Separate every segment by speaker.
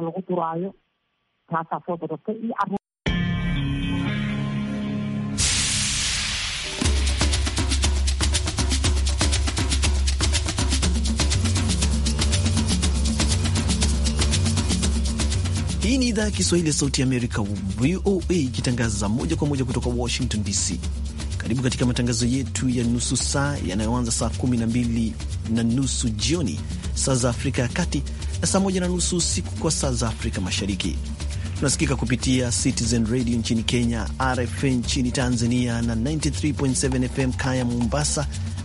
Speaker 1: lagu duraayo taasaa soo badatay iyo
Speaker 2: Hii ni idhaa ya Kiswahili ya Sauti ya Amerika, VOA, ikitangaza moja kwa moja kutoka Washington DC. Karibu katika matangazo yetu ya nusu saa yanayoanza saa 12 na nusu jioni saa za Afrika ya Kati na saa moja na nusu usiku kwa saa za Afrika Mashariki. Tunasikika kupitia Citizen Radio nchini Kenya, RFA nchini Tanzania na 93.7 FM Kaya Mombasa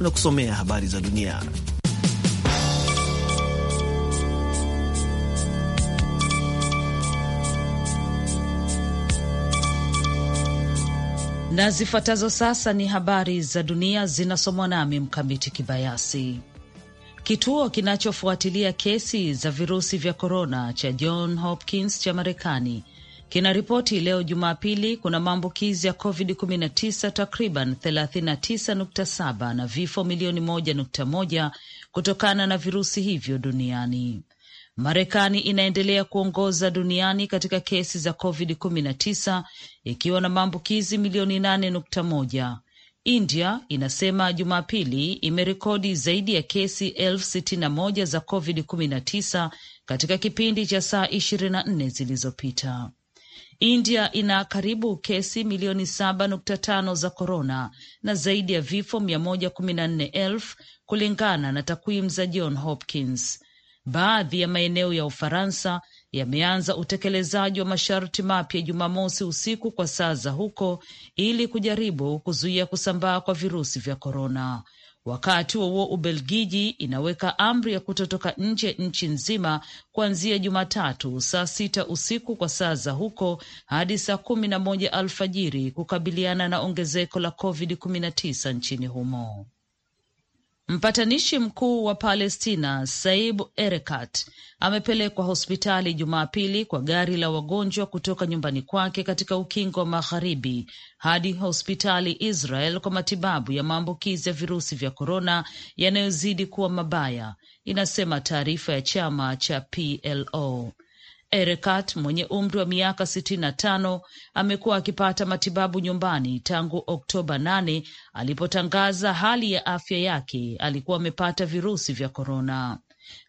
Speaker 2: tunakusomea habari za dunia.
Speaker 3: Na zifuatazo sasa ni habari za dunia zinasomwa nami Mkamiti Kibayasi. Kituo kinachofuatilia kesi za virusi vya korona cha John Hopkins cha Marekani kinaripoti leo Jumapili kuna maambukizi ya COVID-19 takriban 39.7 na vifo milioni 1.1 kutokana na virusi hivyo duniani. Marekani inaendelea kuongoza duniani katika kesi za COVID-19 ikiwa na maambukizi milioni 8.1. India inasema Jumapili imerekodi zaidi ya kesi elfu sitini na moja za COVID-19 katika kipindi cha saa 24 zilizopita. India ina karibu kesi milioni saba nukta tano za korona na zaidi ya vifo mia moja kumi na nne elfu kulingana na takwimu za John Hopkins. Baadhi ya maeneo ya Ufaransa yameanza utekelezaji wa masharti mapya Jumamosi usiku kwa saa za huko ili kujaribu kuzuia kusambaa kwa virusi vya korona. Wakati huo Ubelgiji inaweka amri ya kutotoka nje nchi nzima kuanzia Jumatatu saa sita usiku kwa saa za huko hadi saa kumi na moja alfajiri kukabiliana na ongezeko la COVID-19 nchini humo. Mpatanishi mkuu wa Palestina Saib Erekat amepelekwa hospitali Jumapili kwa gari la wagonjwa kutoka nyumbani kwake katika ukingo wa magharibi hadi hospitali Israel kwa matibabu ya maambukizi ya virusi vya korona yanayozidi kuwa mabaya, inasema taarifa ya chama cha PLO. Erekat mwenye umri wa miaka sitini na tano amekuwa akipata matibabu nyumbani tangu Oktoba nane alipotangaza hali ya afya yake. Alikuwa amepata virusi vya korona.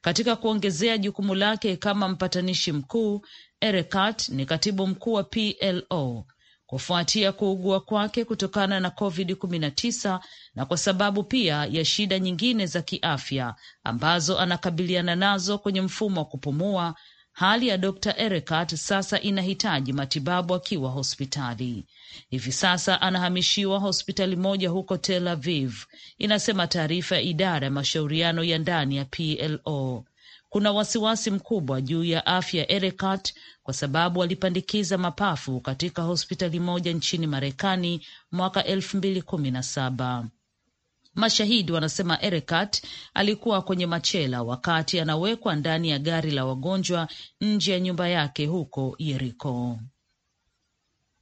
Speaker 3: Katika kuongezea jukumu lake kama mpatanishi mkuu, Erekat ni katibu mkuu wa PLO kufuatia kuugua kwake kutokana na COVID-19 na kwa sababu pia ya shida nyingine za kiafya ambazo anakabiliana nazo kwenye mfumo wa kupumua. Hali ya Dr Erekat sasa inahitaji matibabu akiwa hospitali. Hivi sasa anahamishiwa hospitali moja huko Tel Aviv, inasema taarifa ya idara ya mashauriano ya ndani ya PLO. Kuna wasiwasi mkubwa juu ya afya ya Erekat kwa sababu alipandikiza mapafu katika hospitali moja nchini Marekani mwaka elfu mbili kumi na saba. Mashahidi wanasema Erekat alikuwa kwenye machela wakati anawekwa ndani ya gari la wagonjwa nje ya nyumba yake huko Yeriko.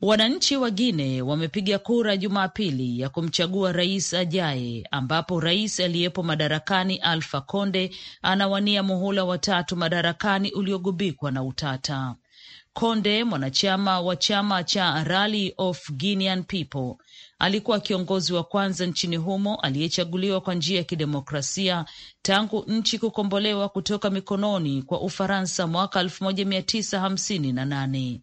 Speaker 3: Wananchi wa Guine wamepiga kura Jumapili ya kumchagua rais ajaye, ambapo rais aliyepo madarakani Alfa Conde anawania muhula watatu madarakani uliogubikwa na utata. Konde, mwanachama wa chama cha Rally of Guinean People, alikuwa kiongozi wa kwanza nchini humo aliyechaguliwa kwa njia ya kidemokrasia tangu nchi kukombolewa kutoka mikononi kwa Ufaransa mwaka 1958.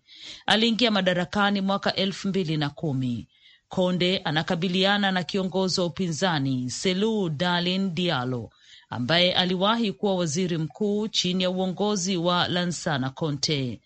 Speaker 3: Aliingia madarakani mwaka 2010. Konde anakabiliana na kiongozi wa upinzani Selu Dalin Dialo ambaye aliwahi kuwa waziri mkuu chini ya uongozi wa Lansana Conte.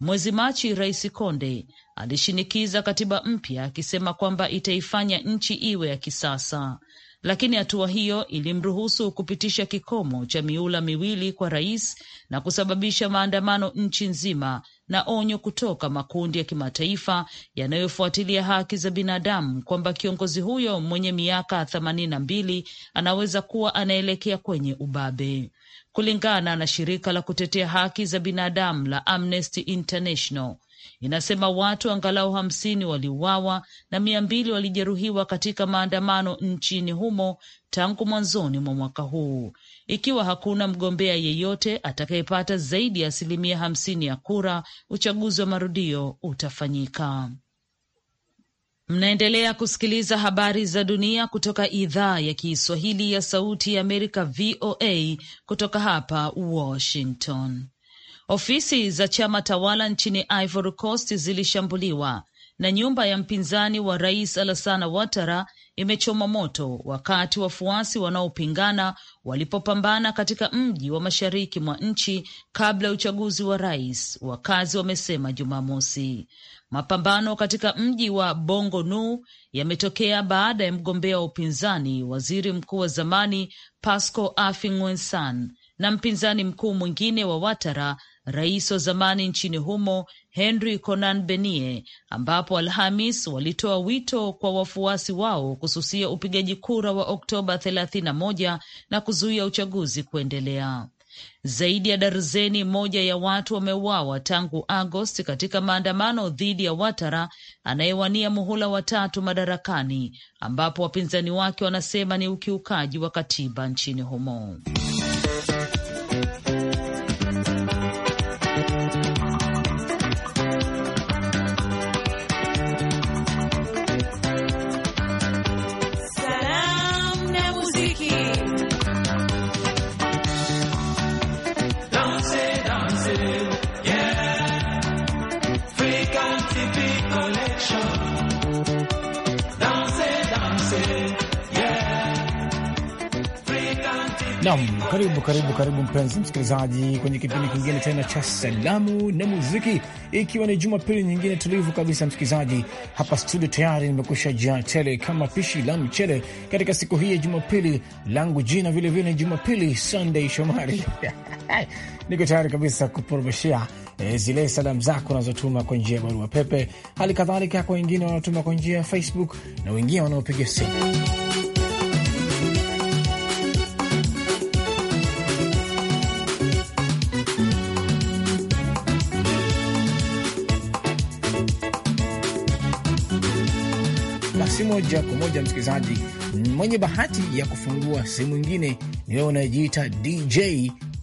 Speaker 3: Mwezi Machi, Rais Conde alishinikiza katiba mpya akisema kwamba itaifanya nchi iwe ya kisasa, lakini hatua hiyo ilimruhusu kupitisha kikomo cha miula miwili kwa rais na kusababisha maandamano nchi nzima na onyo kutoka makundi ya kimataifa yanayofuatilia haki za binadamu kwamba kiongozi huyo mwenye miaka themanini na mbili anaweza kuwa anaelekea kwenye ubabe kulingana na shirika la kutetea haki za binadamu la Amnesty International inasema watu angalau hamsini waliuawa na mia mbili walijeruhiwa katika maandamano nchini humo tangu mwanzoni mwa mwaka huu. Ikiwa hakuna mgombea yeyote atakayepata zaidi ya asilimia hamsini ya kura, uchaguzi wa marudio utafanyika. Mnaendelea kusikiliza habari za dunia kutoka idhaa ya Kiswahili ya Sauti ya Amerika, VOA, kutoka hapa Washington. Ofisi za chama tawala nchini Ivory Coast zilishambuliwa na nyumba ya mpinzani wa rais Alassana Ouattara imechoma moto wakati wafuasi wanaopingana walipopambana katika mji wa mashariki mwa nchi kabla ya uchaguzi wa rais, wakazi wamesema Jumamosi. Mapambano katika mji wa bongo nu yametokea baada ya mgombea wa upinzani, waziri mkuu wa zamani Pasco Afingwensan na mpinzani mkuu mwingine wa Watara rais wa zamani nchini humo Henry Konan Benie, ambapo Alhamis walitoa wito kwa wafuasi wao kususia upigaji kura wa Oktoba 31 na kuzuia uchaguzi kuendelea. Zaidi ya darzeni moja ya watu wameuawa tangu Agosti katika maandamano dhidi ya Watara anayewania muhula watatu madarakani, ambapo wapinzani wake wanasema ni ukiukaji wa katiba nchini humo.
Speaker 1: Nam, karibu karibu karibu mpenzi msikilizaji kwenye kipindi kingine tena cha salamu na muziki, ikiwa ni Jumapili nyingine tulivu kabisa. Msikilizaji, hapa studio tayari nimekusha jaa tele kama pishi la mchele katika siku hii ya Jumapili. Langu jina vilevile ni Jumapili Sunday Shomari. Niko tayari kabisa kuporomeshea e, eh, zile salamu zako unazotuma kwa njia ya barua pepe, hali kadhalika kwa wengine wanaotuma kwa njia ya Facebook na wengine wanaopiga simu moja kwa moja, msikilizaji mwenye bahati ya kufungua sehemu ingine ni wewe unayejiita DJ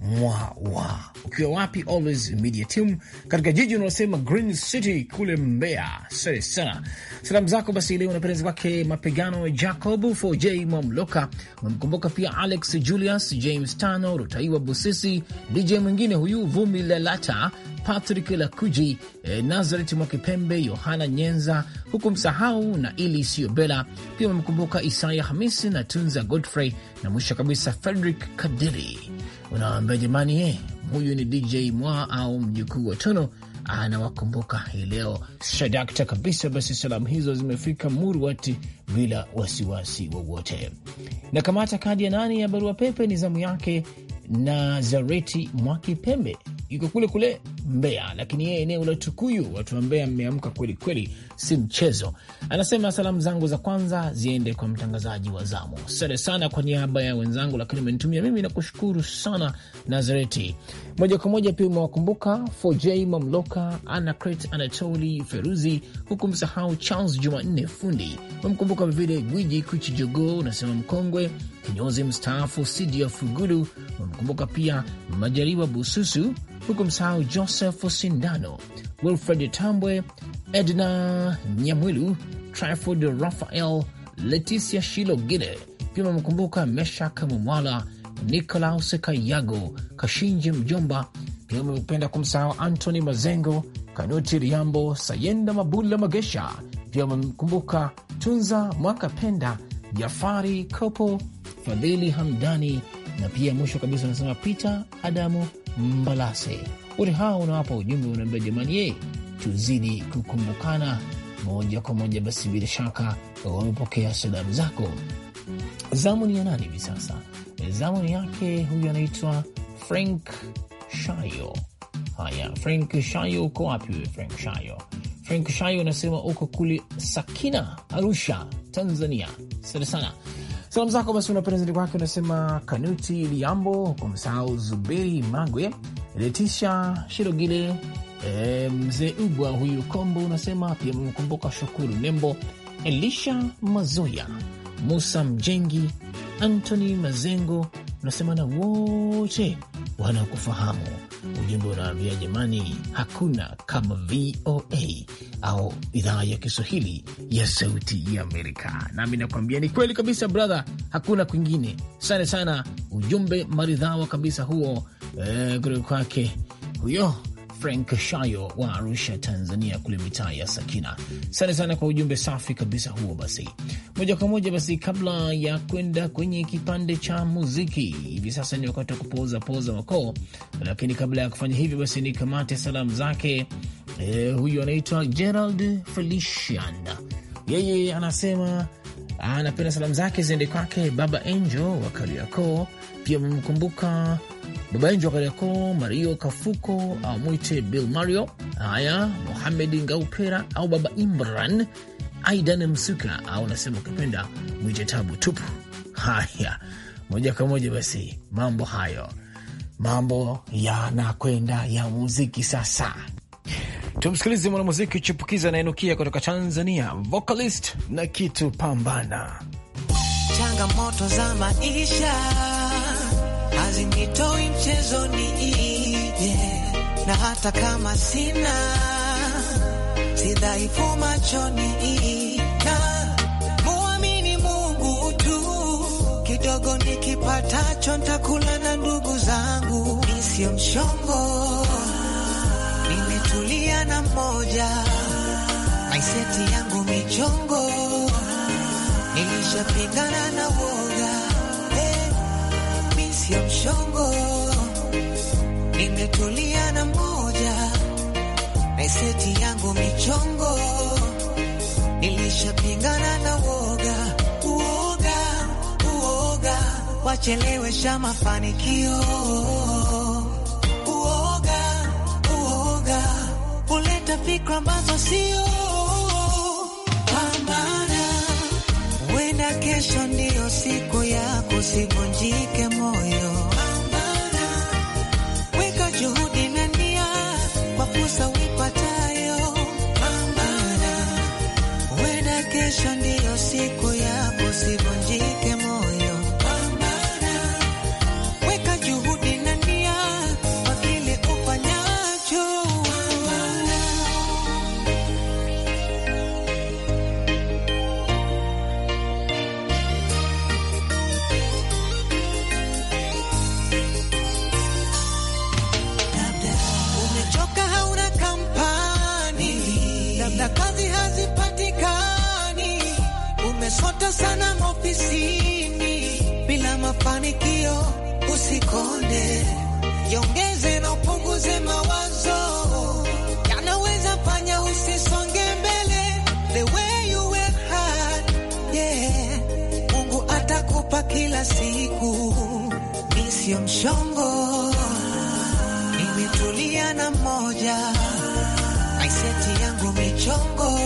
Speaker 1: Mwawa. ukiwa wapi, Always Media Team katika jiji unaosema Green City kule Mbeya. Sante sana. Salamu zako basi leo napendeza kwake mapigano ya Jacob 4J Mwamloka, umemkumbuka pia Alex Julius James Tano Rutaiwa Busisi, DJ mwingine huyu Vumi Lalata, Patrick Lakuji, eh, Nazaret Mwakipembe, Yohana Nyenza, huku msahau na ili Bela, Pia umemkumbuka Isaya Hamisi na Tunza Godfrey na mwisho kabisa Frederick Kadiri unawaambia jamani, eh, huyu ni DJ Mwa au mjukuu wa Tono anawakumbuka hii leo shadakta kabisa. Basi salamu hizo zimefika Murwati bila wasiwasi wowote. Na kamata kadi ya nani ya barua pepe, ni zamu yake Nazareti Mwakipembe, yuko kule kule Mbeya, lakini yeye eneo la Tukuyu. Watu wa Mbeya mmeamka kweli kweli, si mchezo. Anasema salamu zangu za kwanza ziende kwa mtangazaji wa zamu, sare sana kwa niaba ya wenzangu, lakini umenitumia mimi na kushukuru sana. Nazareti moja kwa moja pia umewakumbuka Foj Mamloka, Anacret Anatoli Feruzi, huku msahau Charles Jumanne fundi, umemkumbuka vile Gwiji Kuchi Jogoo, unasema mkongwe kinyozi mstaafu Sidia Fugulu, umemkumbuka pia Majariwa Bususu, huku msahau Joseph Sindano Wilfred Tambwe, Edna Nyamwilu, Tryford Raphael, Leticia Shilogile. Pia amemkumbuka Meshak Mumwala, Nikolaus Kayago, Kashinje Mjomba. Pia amependa kumsahau Antony Mazengo, Kanuti Riambo, Sayenda Mabula Magesha. Pia amemkumbuka Tunza Mwakapenda, Jafari Kopo, Fadhili Hamdani na pia mwisho kabisa anasema Peter Adamu Mbalase wote hawa unawapa ujumbe, unaambia jamani, ye eh, tuzidi kukumbukana moja kwa moja. Basi bila shaka wamepokea salamu zako. Zamu ni ya nani hivi sasa? Eh, zamu ni yake huyu, anaitwa Frank Shayo. Haya, Frank Shayo, uko wapi wewe Frank Shayo? Frank Shayo anasema uko kule Sakina, Arusha, Tanzania. sana, sana. Salamu zako basi unapenezani kwake, unasema Kanuti Liambo, kwa msahau Zuberi Magwe, Letisha Shirogile, e, mzee Ubwa huyu Kombo, unasema pia mmekumbuka Shukuru Nembo, Elisha Mazoya, Musa Mjengi, Antony Mazengo, unasema na wote wanakufahamu Ujumbe unaambia jamani, hakuna kama VOA au idhaa ya Kiswahili ya Sauti ya Amerika. Nami nakuambia ni kweli kabisa brother, hakuna kwingine. Sante sana, ujumbe maridhawa kabisa huo eh, kutoka kwake huyo Frank Shayo wa Arusha, Tanzania, kule mitaa ya Sakina. Asante sana kwa ujumbe safi kabisa huo. Basi moja kwa moja, basi kabla ya kwenda kwenye kipande cha muziki, hivi sasa ni wakati wa kupoza poza wakoo, lakini kabla ya kufanya hivyo, basi ni kamate salamu zake. Eh, huyu anaitwa Gerald Felician, yeye anasema anapenda salamu zake ziende kwake Baba Angel wa Kariakoo, pia amemkumbuka baba wa kariako Mario Kafuko au mwite Bill Mario. Haya, Mohamedi Ngaupera au Baba Imran, Aidan Msuka au nasema ukipenda mwite Tabu Tupu. Haya, moja kwa moja basi, mambo hayo, mambo yanakwenda ya muziki sasa. Tumsikilize mwanamuziki chipukiza anayenukia kutoka Tanzania, vocalist na kitu
Speaker 4: pambana
Speaker 5: changamoto za maisha mchezo ni ije, na hata kama sina sidhaifu machoni na muamini Mungu tu. Kidogo nikipatacho ntakula na ndugu zangu, nisio mshongo, nimetulia na mmoja maiseti yangu michongo, nilishapigana na woga sio mshongo, nimetulia na moja meseti yangu michongo, nilishapingana na woga uoga uoga, wachelewesha mafanikio uoga uoga, kuleta fikra ambazo sio Kila kesho ndiyo siku yako, sivunjike moyo. mafanikio, usikonde, yongeze na upunguze mawazo, yanaweza fanya usisonge mbele. The way you work hard, yeah. Mungu atakupa kila siku, isiyo mshongo. Nimetulia na moja aiseti yangu michongo,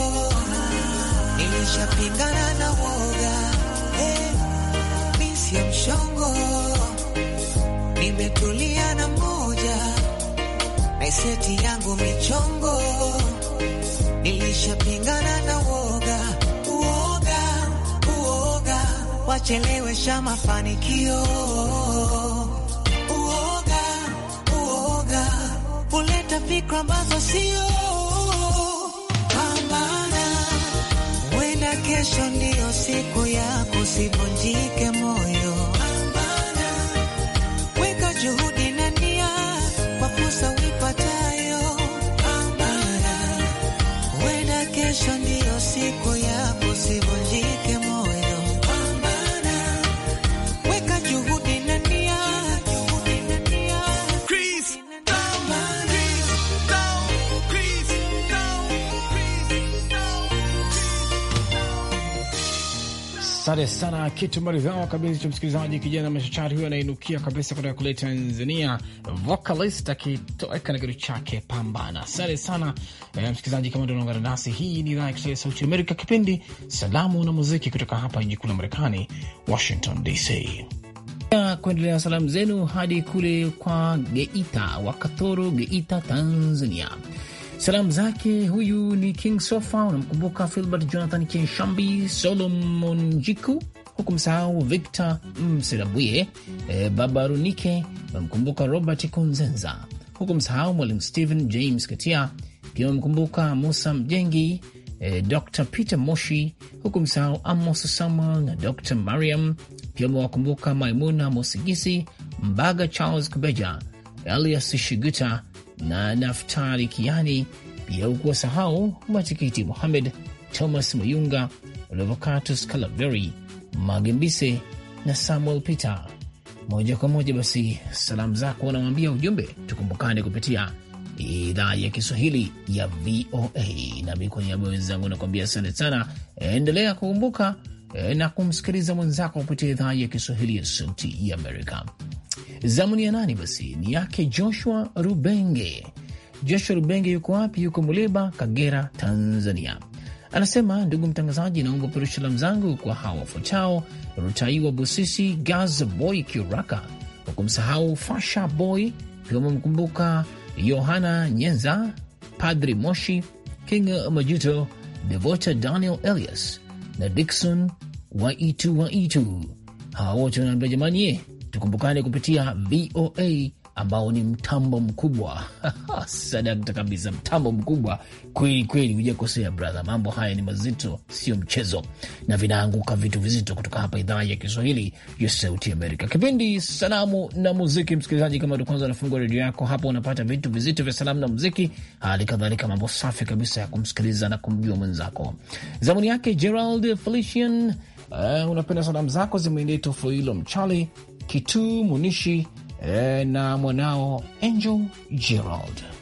Speaker 5: nilishapingana na woga si mshongo, nimetulia na moja na yangu michongo, nilishapingana na woga uoga uoga, wachelewesha mafanikio uoga uoga, kuleta fikra ambazo sio Kesho ndiyo siku yako, usivunjike moyo.
Speaker 1: Asante sana kitu maridhawa kabisa cha msikilizaji, kijana mashachari huyo anainukia kabisa kutoka kule Tanzania, vocalist akitoweka na kitu chake pambana. Asante sana eh, msikilizaji, kama ndio unaungana nasi, hii ni idhaa ya Kiswahili Sauti Amerika, kipindi Salamu na Muziki kutoka hapa jiji kuu la Marekani, Washington DC. Kuendelea na salamu zenu hadi kule kwa Geita, Wakatoro, Geita, Tanzania. Salamu zake huyu ni King Sofa, unamkumbuka Filbert Jonathan Kenshambi, Solomon jiku huku msahau Victor Mselabuye, e, eh, Baba Runike, unamkumbuka Robert Konzenza, huku msahau Mwalimu Stephen James Katia, pia unamkumbuka Musa Mjengi, e, Dr Peter Moshi, huku msahau Amos Samuel na Dr Mariam, pia umewakumbuka Maimuna Mosigisi, Mbaga Charles Kubeja, Elias Shiguta na Naftari Kiani, pia hukuwa sahau Matikiti Muhamed, Thomas Muyunga, Revocatus Calaveri, Magembise na Samuel Peter. Moja kwa moja basi, salamu zako unamwambia ujumbe, tukumbukane kupitia idhaa ya Kiswahili ya VOA. Nami kwa niaba wenzangu nakuambia asante sana, endelea kukumbuka eh, na kumsikiliza mwenzako kupitia idhaa ya Kiswahili ya Sauti ya Amerika. Zamuni ya nani basi? Ni yake Joshua Rubenge. Joshua Rubenge yuko wapi? Yuko Muleba, Kagera, Tanzania. Anasema, ndugu mtangazaji, naomba peru salamu zangu kwa hawa wafuatao: Rutaiwa Busisi, Gaz Boy Kiuraka, kwa kumsahau Fasha Boy, pia mkumbuka Yohana Nyenza, Padri Moshi, King Majuto, Devota Daniel Elias na Dikson Waitu Waitu. Hawa wote wanaambia jamani, tukumbukane kupitia VOA ambao ni mtambo mkubwa sadakta kabisa, mtambo mkubwa kweli kweli, hujakosea bradha. Mambo haya ni mazito, sio mchezo, na vinaanguka vitu vizito kutoka hapa idhaa ya Kiswahili ya Sauti Amerika, kipindi Salamu na Muziki. Msikilizaji, kama kwanza unafungua redio yako hapa, unapata vitu vizito vya salamu na muziki, hali kadhalika mambo safi kabisa ya kumsikiliza na kumjua mwenzako. Zamuni yake Gerald Felician. Uh, unapenda salamu zako zimeendea Tofoilo Mchali kitu Munishi eh, na mwanao Angel Gerald.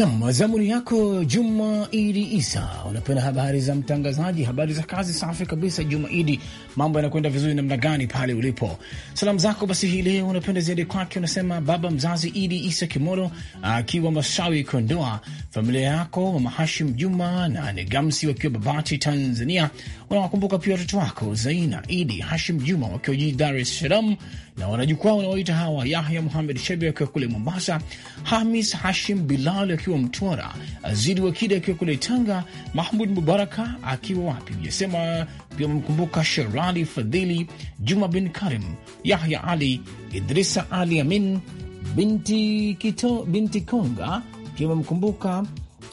Speaker 1: Nam ni yako Juma Idi Isa, unapenda habari za mtangazaji, habari za kazi. Safi kabisa, Juma Idi, mambo yanakwenda vizuri namna gani pale ulipo? Salamu zako basi hii leo unapenda ziende kwake, unasema baba mzazi Idi Isa Kimoro akiwa Masawi, Kondoa, familia yako Mama Hashim Juma na Negamsi wakiwa Babati, Tanzania. Unawakumbuka pia watoto wako Zaina Idi Hashim Juma wakiwa jijini Dar es Salaam na wanajukwaa wanaoita hawa Yahya Muhamed Shebi akiwa kule Mombasa, Hamis Hashim Bilal akiwa Mtwara, Azidi Wakida akiwa kule Tanga, Mahmud Mubaraka akiwa wapi ujasema, Pia wamemkumbuka Sherali Fadhili, Juma bin Karim, Yahya Ali, Idrisa Ali Amin, binti, Kito, binti Konga. Pia wamemkumbuka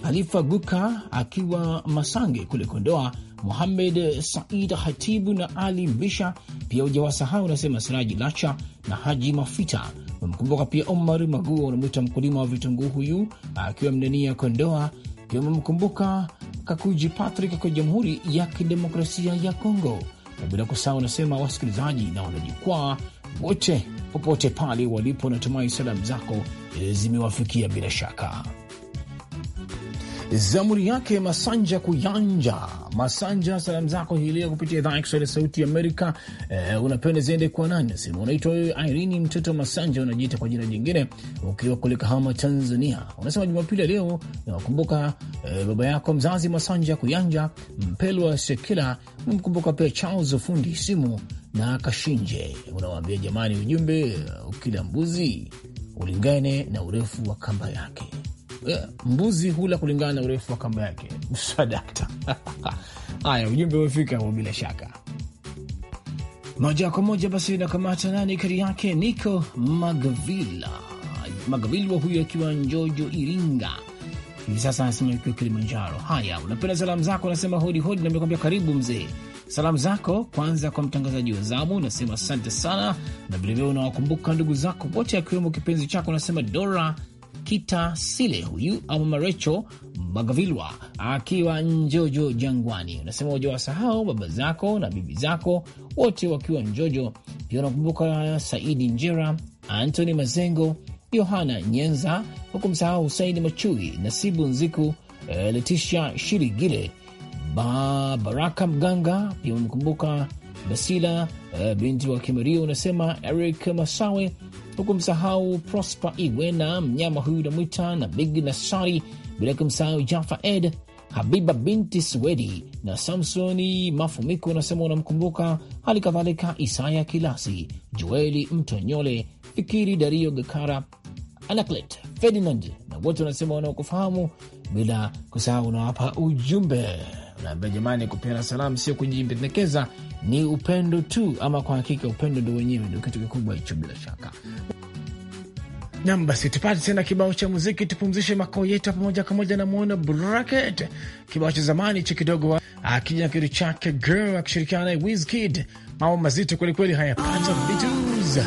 Speaker 1: Halifa Guka akiwa Masange kule Kondoa Muhamed eh, Said Hatibu na Ali Mbisha, pia ujawasahau unasema Siraji Lacha na Haji Mafita. Memkumbuka pia Omar Maguo, unamwita mkulima wa vitunguu huyu akiwa Mnenia Kondoa. Pia memkumbuka Kakuji Patrick kwa Jamhuri ya Kidemokrasia ya Kongo, na bila kusahau unasema wasikilizaji na wanajikwaa wote popote pale walipo, natumai salamu zako eh, zimewafikia bila shaka. Zamuri yake Masanja Kuyanja Masanja, salamu zako hii leo kupitia idhaa ya Kiswahili ya Sauti Amerika. Eh, unapenda ziende kwa nani? Nasema unaitwa wewe Irene mtoto Masanja, unajiita kwa jina jingine, ukiwa kule Kahama, Tanzania. Unasema Jumapili ya leo nawakumbuka eh, baba yako mzazi Masanja Kuyanja Mpelwa Sekila, umemkumbuka pia Charles fundi simu na Kashinje. Unawaambia jamani, ujumbe eh, ukila mbuzi ulingane na urefu wa kamba yake. Eh, mbuzi hula kulingana na urefu wa kamba yake. Sadakta. Haya, ujumbe umefika huo bila shaka. Moja kwa moja basi inakamata nani kari yake Niko magvila magvilwa huyo akiwa Njojo, Iringa hivi sasa, anasema ikiwa Kilimanjaro. Haya, unapenda salamu zako, anasema hodi hodi, na karibu mzee. Salamu zako kwanza kwa mtangazaji wa zamu, nasema asante sana, na vilevile unawakumbuka ndugu zako wote, akiwemo kipenzi chako, nasema Dora Makita Sile huyu ama Marecho magavilwa akiwa Njojo Jangwani, unasema uja wasahau baba zako na bibi zako wote wakiwa Njojo. Pia unakumbuka Saidi Njera, Antony Mazengo, Yohana Nyenza, huku msahau Husaini Machui, Nasibu Nziku, eh, letisha Shirigile, Baraka Mganga. Pia unakumbuka Basila eh, binti wa Kimario unasema Eric Masawe, huku msahau Prosper na mnyama huyu namwita na Big Nasari, bila kumsahau Jaffa Ed Habiba binti Swedi na Samsoni Mafumiko unasema unamkumbuka, hali kadhalika Isaya Kilasi, Joeli Mtonyole, Fikiri Dario Gakara, Anaclet Ferdinand na wote wanasema wanaokufahamu, bila kusahau unawapa ujumbe unaambia jamani, kupeana salamu sio kujipendekeza, ni upendo tu. Ama kwa hakika upendo ndo wenyewe, ndio kitu kikubwa hicho, bila shaka. Nam, basi tupate tena kibao cha muziki, tupumzishe makao yetu hapa moja kwa moja. Namwona Bracket kibao cha zamani cha kidogo, akija na kitu chake girl, akishirikiana naye Wizkid. Mambo mazito kwelikweli, haya pata vitus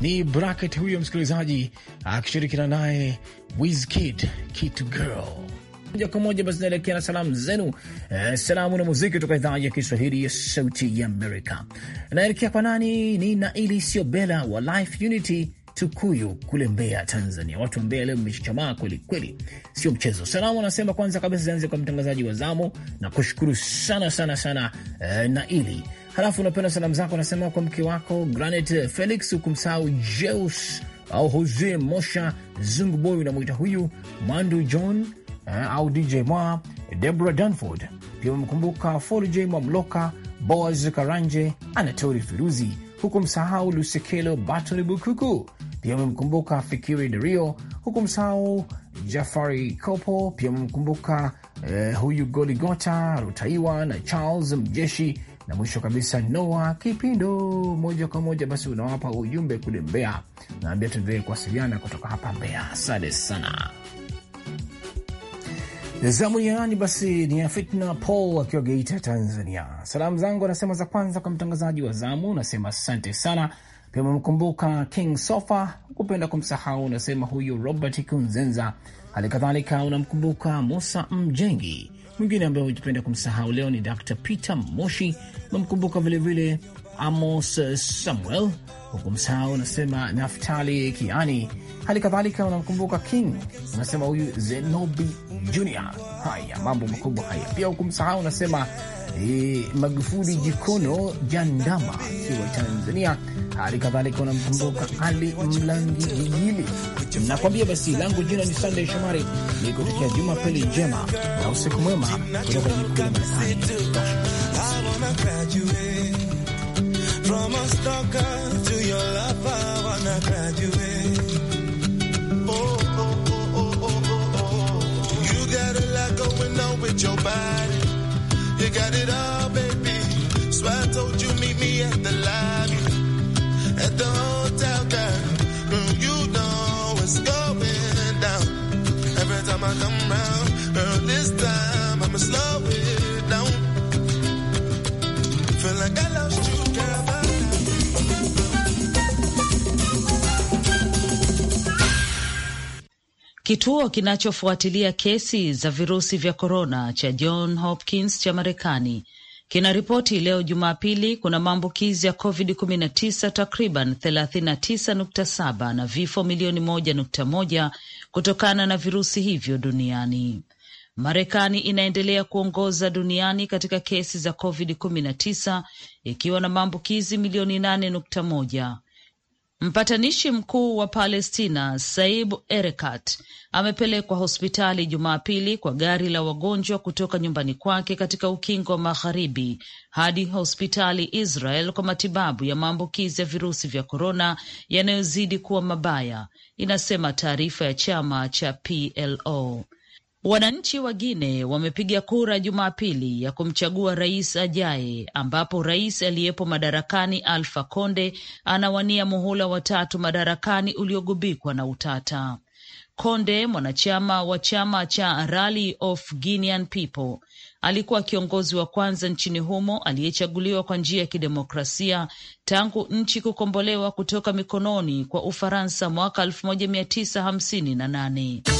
Speaker 1: Ni Bracket huyo msikilizaji akishirikiana naye Wizkid Kit girl. Moja kwa moja basi naelekea na salamu zenu, eh, salamu na muziki kutoka idhaa ya Kiswahili ya Sauti ya Amerika. Naelekea kwa nani? Ni Naili Siobela wa Life Unity Tukuyu kule Mbeya, Tanzania. Watu wa Mbeya leo mmeshachamaa kweli kweli, sio mchezo. Salamu anasema kwanza kabisa zianze kwa mtangazaji wa zamu na kushukuru sana sana sana, eh, Naili Halafu unapenda salamu zako unasema kwa mke wako granit Felix, hukumsahau Jeus au Jose Mosha Boy, unamwita huyu mandu John eh, au DJ Mwa, Debora Danford, pia umemkumbuka Folje Mamloka, Boaz Karanje, Anatori Firuzi, huku msahau Lusekelo Batoni Bukuku, pia umemkumbuka Fikiri Dario, huku msahau Jafari Kopo, pia umemkumbuka uh, huyu Goligota Rutaiwa na Charles Mjeshi na mwisho kabisa, Noa Kipindo moja kwa moja basi unawapa ujumbe kule mbea naambia tuendelee kuwasiliana kutoka hapa mbea Asante sana. Zamu yaani basi ni ya Fitna Paul akiwa Geita, Tanzania. Salamu zangu anasema za kwanza kwa mtangazaji wa zamu, nasema asante sana. Pia memkumbuka King Sofa, kupenda kumsahau, unasema huyu Robert Kunzenza, hali kadhalika unamkumbuka Musa Mjengi Mwingine ambaye hujipenda kumsahau leo ni Dr Peter Moshi, memkumbuka vilevile Amos Samuel, hukumsahau unasema Naftali Kiani, hali kadhalika unamkumbuka King, unasema huyu Zenobi Junior. Haya, mambo makubwa haya. Pia hukumsahau unasema e, Magufuli Jikono Jandama akiwa Tanzania, hali kadhalika unamkumbuka Ali Mlangi Jijili. Nakwambia basi, langu jina ni Sunday Shomari, juma Jumapili njema na usiku mwema kutoka jikuu
Speaker 6: la Marekani. your body. You got it all, baby. So I told you meet me at the lobby, at the hotel, girl. Girl, you know what's going down. Every time I come round, girl, this time I'ma slow it down. Feel like I lost you, girl.
Speaker 3: Kituo kinachofuatilia kesi za virusi vya korona cha John Hopkins cha Marekani kinaripoti leo Jumapili kuna maambukizi ya COVID-19 takriban 39.7 na vifo milioni 1.1 kutokana na virusi hivyo duniani. Marekani inaendelea kuongoza duniani katika kesi za COVID-19 ikiwa na maambukizi milioni 8.1 Mpatanishi mkuu wa Palestina Saib Erekat amepelekwa hospitali Jumapili kwa gari la wagonjwa kutoka nyumbani kwake katika ukingo wa magharibi hadi hospitali Israel kwa matibabu ya maambukizi ya virusi vya korona yanayozidi kuwa mabaya, inasema taarifa ya chama cha PLO. Wananchi wa Guine wamepiga kura Jumapili ya kumchagua rais ajaye, ambapo rais aliyepo madarakani Alpha Conde anawania muhula watatu madarakani uliogubikwa na utata. conde mwanachama wa chama cha Rally of Guinean People, alikuwa kiongozi wa kwanza nchini humo aliyechaguliwa kwa njia ya kidemokrasia tangu nchi kukombolewa kutoka mikononi kwa Ufaransa mwaka 1958.